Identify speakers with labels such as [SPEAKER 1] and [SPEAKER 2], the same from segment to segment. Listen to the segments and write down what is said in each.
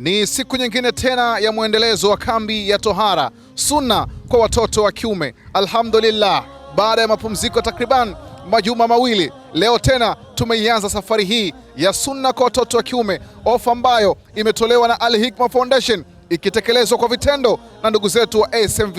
[SPEAKER 1] Ni siku nyingine tena ya mwendelezo wa kambi ya tohara sunna kwa watoto wa kiume. Alhamdulillah, baada ya mapumziko takriban majuma mawili, leo tena tumeianza safari hii ya sunna kwa watoto wa kiume, ofa ambayo imetolewa na Al Hikma Foundation ikitekelezwa kwa vitendo na ndugu zetu wa smv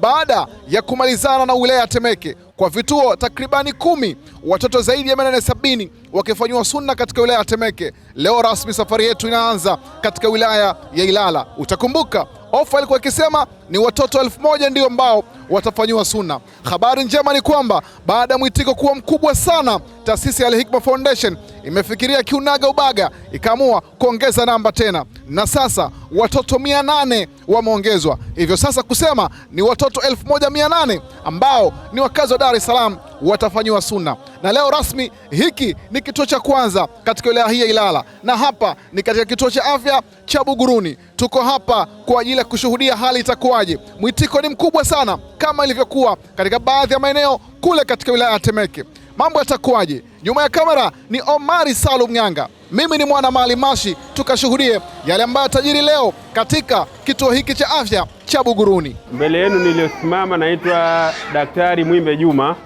[SPEAKER 1] baada ya kumalizana na wilaya ya Temeke kwa vituo takribani kumi, watoto zaidi ya mia nane sabini wakifanyiwa sunna katika wilaya ya Temeke. Leo rasmi safari yetu inaanza katika wilaya ya Ilala. Utakumbuka ofa ilikuwa ikisema ni watoto elfu moja ndio ambao watafanyiwa suna. Habari njema ni kwamba baada ya mwitiko kuwa mkubwa sana, taasisi ya Al-Hikma Foundation imefikiria kiunaga ubaga, ikaamua kuongeza namba tena, na sasa watoto mia nane wameongezwa, hivyo sasa kusema ni watoto elfu moja mia nane ambao ni wakazi wa Dar es Salaam watafanyiwa suna. Na leo rasmi, hiki ni kituo cha kwanza katika wilaya hii ya Ilala, na hapa ni katika kituo cha afya cha Buguruni. Tuko hapa kwa ajili ya kushuhudia hali itakuwa uandikishaji. Mwitiko ni mkubwa sana kama ilivyokuwa katika baadhi ya maeneo kule katika wilaya ya Temeke. Mambo yatakuwaje? Nyuma ya kamera ni Omari Salum Ng'anga, mimi ni mwana Mali Mashi. Tukashuhudie yale ambayo tajiri leo katika kituo hiki cha afya cha Buguruni.
[SPEAKER 2] Mbele yenu niliyosimama naitwa Daktari Mwimbe Juma.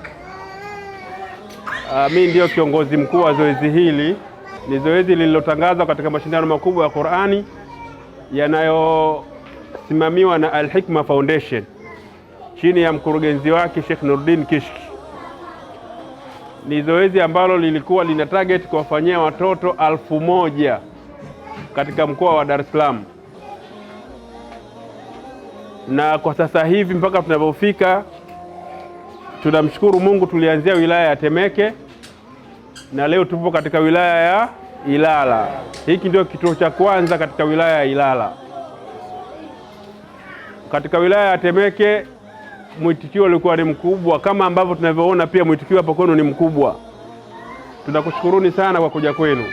[SPEAKER 2] Uh, mi ndiyo kiongozi mkuu wa zoezi hili. Ni zoezi lililotangazwa katika mashindano makubwa ya Qur'ani yanayo inasimamiwa na Al Hikma Foundation chini ya mkurugenzi wake Sheikh Nurdin Kishki. Ni zoezi ambalo lilikuwa lina target kuwafanyia watoto alfu moja katika mkoa wa Dar es Salaam, na kwa sasa hivi mpaka tunapofika, tunamshukuru Mungu, tulianzia wilaya ya Temeke na leo tupo katika wilaya ya Ilala. Hiki ndio kituo cha kwanza katika wilaya ya Ilala katika wilaya ya Temeke mwitikio ulikuwa ni mkubwa, kama ambavyo tunavyoona pia mwitikio hapo kwenu ni mkubwa. Tunakushukuruni sana kwa kuja kwenu.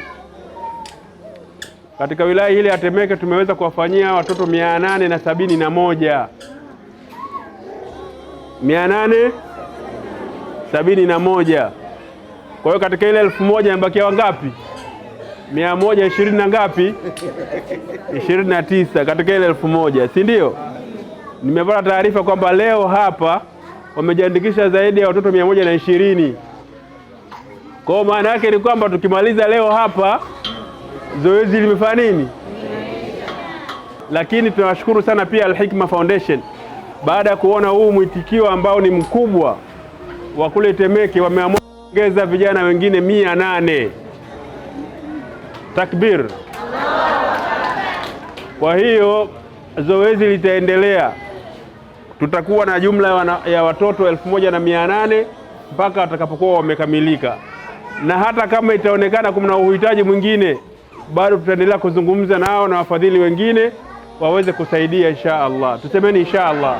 [SPEAKER 2] Katika wilaya hili ya Temeke tumeweza kuwafanyia watoto mia nane na sabini na moja mia nane sabini na moja. Kwa hiyo katika ile elfu moja imebakia wangapi? mia moja ishirini na ngapi? ishirini na tisa katika ile elfu moja, si ndio? nimepata taarifa kwamba leo hapa wamejiandikisha zaidi ya watoto mia moja na ishirini. Kwa hiyo maana yake ni kwamba tukimaliza leo hapa zoezi limefanya nini? Lakini tunawashukuru sana pia Al Hikma Foundation, baada ya kuona huu mwitikio ambao ni mkubwa wa kule Temeke, wameamua kuongeza vijana wengine mia nane. Takbir! Kwa hiyo zoezi litaendelea tutakuwa na jumla ya watoto elfu moja na mia nane mpaka watakapokuwa wamekamilika, na hata kama itaonekana kuna uhitaji mwingine bado tutaendelea kuzungumza nao na wafadhili wengine waweze kusaidia insha Allah. Tusemeni insha Allah.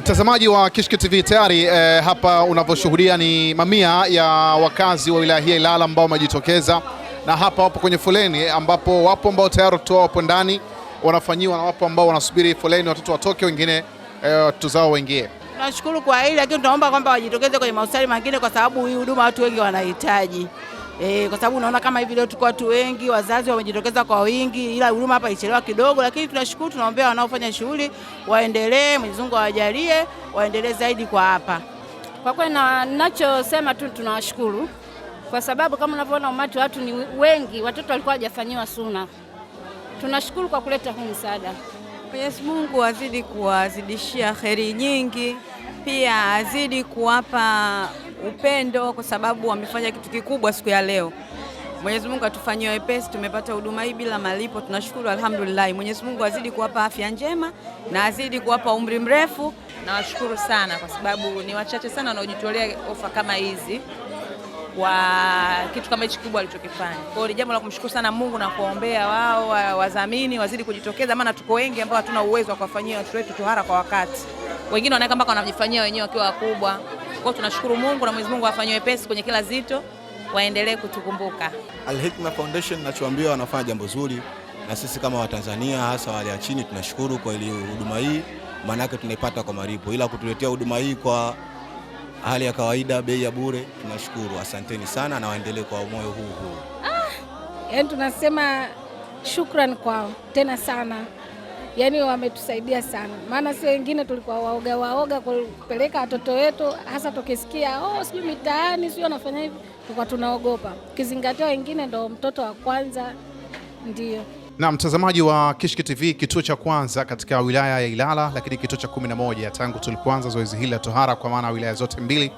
[SPEAKER 1] Mtazamaji wa Kishki TV tayari eh, hapa unavyoshuhudia ni mamia ya wakazi wa wilaya hii ya Ilala ambao wamejitokeza, na hapa wapo kwenye foleni, ambapo wapo ambao tayari watoto wapo ndani wanafanyiwa na wapo ambao wanasubiri foleni watoto watoke, wengine Eh, watu zao wengie.
[SPEAKER 3] Nashukuru kwa hili, lakini tunaomba kwamba wajitokeze kwenye mahospitali mengine, kwa sababu hii huduma watu wengi wanahitaji. E, kwa sababu unaona kama hivi leo tuko watu wengi, wazazi wamejitokeza kwa wingi, ila huduma hapa ichelewa kidogo, lakini tunashukuru. Tunaombea wanaofanya shughuli waendelee, Mwenyezi Mungu awajalie, waendelee zaidi kwa hapa.
[SPEAKER 4] Kwa kweli nachosema tu tunawashukuru kwa sababu kama unavyoona umati watu ni wengi, watoto walikuwa hawajafanyiwa suna. Tunashukuru kwa kuleta huu msaada.
[SPEAKER 5] Mwenyezi Mungu azidi kuwazidishia kheri nyingi, pia azidi kuwapa upendo, kwa sababu wamefanya kitu kikubwa siku ya leo. Mwenyezi Mungu atufanyie wepesi, tumepata huduma hii bila malipo, tunashukuru alhamdulillah. Mwenyezi Mungu azidi kuwapa afya njema na azidi kuwapa umri mrefu.
[SPEAKER 6] Nawashukuru sana kwa sababu ni wachache sana wanaojitolea ofa kama hizi wa kitu kama hichi kubwa alichokifanya. Kwa hiyo ni jambo la kumshukuru sana Mungu na kuombea wao wadhamini wazidi kujitokeza, maana tuko wengi ambao hatuna uwezo wa kuwafanyia watoto wetu tohara kwa wakati.
[SPEAKER 7] Wengine wanaweka mpaka wanajifanyia wenyewe wakiwa wakubwa. Kwa hiyo tunashukuru Mungu na Mwenyezi Mungu afanyie wepesi kwenye kila zito, waendelee kutukumbuka.
[SPEAKER 8] Al Hikma Foundation, nachoambia, wanafanya jambo zuri, na sisi kama Watanzania hasa wale wa chini tunashukuru kwa ile huduma hii, maana yake tunaipata kwa malipo, ila kutuletea huduma hii kwa hali ya kawaida, bei ya bure. Tunashukuru, asanteni sana na waendelee kwa moyo huu huu.
[SPEAKER 9] Ah, yani tunasema shukrani kwao tena sana, yani wametusaidia sana, maana si wengine tulikuwa waoga waoga kupeleka watoto wetu, hasa tukisikia oh, sijui mitaani, sijui wanafanya hivi, tulikuwa tunaogopa, ukizingatia wengine ndo mtoto wa kwanza, ndio
[SPEAKER 1] na mtazamaji wa Kishki TV, kituo cha kwanza katika wilaya ya Ilala, lakini kituo cha 11 tangu tulipoanza zoezi hili la tohara kwa maana wilaya zote mbili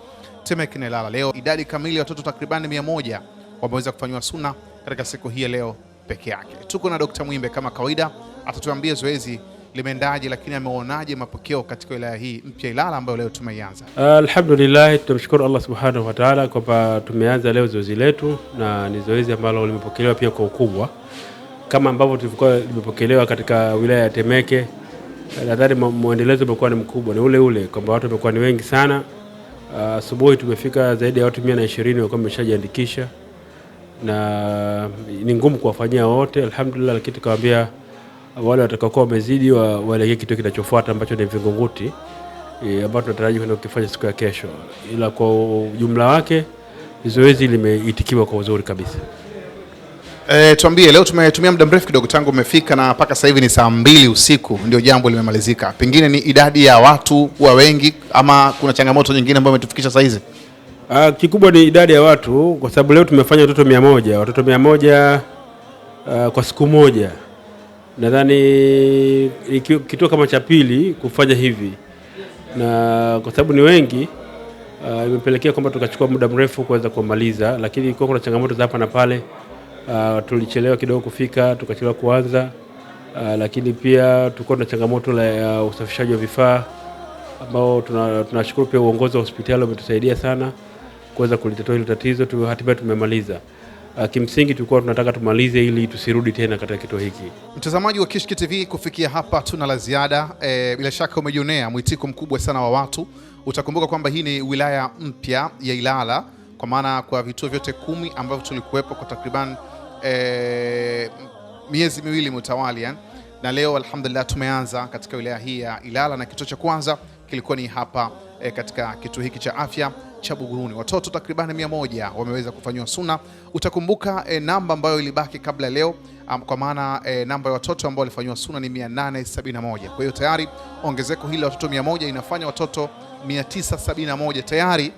[SPEAKER 1] Temeke na Ilala. Leo idadi kamili ya watoto takribani 100 wameweza kufanyiwa suna katika siku hii ya leo peke yake. Tuko na Dr. Mwimbe kama kawaida, atatuambia zoezi limeendaje, lakini ameonaje mapokeo katika wilaya hii mpya Ilala ambayo leo tumeianza.
[SPEAKER 10] Alhamdulillah, tunamshukuru Allah subhanahu wa ta'ala kwamba tumeanza leo zoezi letu na ni zoezi ambalo limepokelewa pia kwa ukubwa kama ambavyo tulivyokuwa limepokelewa katika wilaya ya Temeke. Nadhani mwendelezo umekuwa ni mkubwa, ni ule ule kwamba watu wamekuwa ni wengi sana. Uh, asubuhi uh, tumefika zaidi ya watu mia na ishirini walikuwa wameshajiandikisha, na ni ngumu kuwafanyia wote alhamdulillah, lakini tukawaambia wale watakaokuwa wamezidi waelekee kitu kinachofuata ambacho ni Vingunguti e, ambao tunataraji kwenda kukifanya siku ya kesho, ila kwa ujumla wake zoezi limeitikiwa kwa uzuri kabisa.
[SPEAKER 1] E, tuambie leo tumetumia muda mrefu kidogo tangu umefika na mpaka sasa hivi ni saa mbili usiku ndio jambo limemalizika. Pengine ni idadi ya watu wa wengi ama kuna changamoto nyingine ambayo imetufikisha saa hizi?
[SPEAKER 10] Uh, kikubwa ni idadi ya watu kwa sababu leo tumefanya watoto mia moja watoto mia moja uh, kwa siku moja nadhani kituo kama cha pili kufanya hivi, na kwa sababu ni wengi uh, imepelekea kwamba tukachukua muda mrefu kuweza kumaliza, lakini kwa kuna changamoto za hapa na pale. Uh, tulichelewa kidogo kufika tukachelewa kuanza uh, lakini pia tulikuwa tuna changamoto la uh, usafishaji wa vifaa ambao tunashukuru tuna pia uongozi wa hospitali umetusaidia sana kuweza kulitatua hilo tatizo tu, hatimaye tumemaliza. Uh, kimsingi tulikuwa tunataka tumalize ili tusirudi tena katika kituo hiki.
[SPEAKER 1] Mtazamaji wa Kishki TV, kufikia hapa tuna la ziada e, bila shaka umejionea mwitiko mkubwa sana wa watu. Utakumbuka kwamba hii ni wilaya mpya ya Ilala, kwa maana kwa vituo vyote kumi ambavyo tulikuwepo kwa takriban Eh, miezi miwili mutawalia, na leo alhamdulillah tumeanza katika wilaya hii ya Ilala, na kituo cha kwanza kilikuwa ni hapa e, katika kituo hiki cha afya cha Buguruni. Watoto takribani mia moja wameweza kufanyiwa suna. Utakumbuka e, namba ambayo ilibaki kabla leo um, kwa maana e, namba ya watoto ambao walifanyiwa suna ni 871. Kwa hiyo tayari ongezeko hili la watoto moja inafanya watoto 971 tayari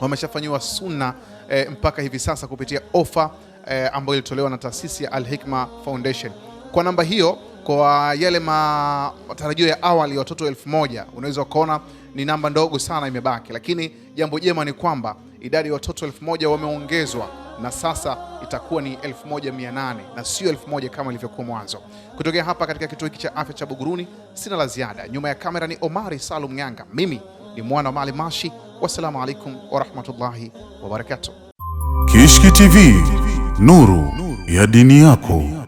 [SPEAKER 1] wameshafanyiwa suna e, mpaka hivi sasa kupitia ofa eh, ambayo ilitolewa na taasisi ya Al Hikma Foundation. Kwa namba hiyo, kwa yale matarajio ya awali ya watoto elfu moja unaweza ukaona ni namba ndogo sana imebaki, lakini jambo jema ni kwamba idadi ya watoto elfu moja wameongezwa na sasa itakuwa ni 1800 na sio 1000 kama ilivyokuwa mwanzo. Kutokea hapa katika kituo hiki cha afya cha Buguruni, sina la ziada. Nyuma ya kamera ni Omari Salum Ng'anga, mimi ni mwana wa Mali Mashi. Wassalamu alaikum warahmatullahi wabarakatuh. Kishki TV nuru ya dini yako.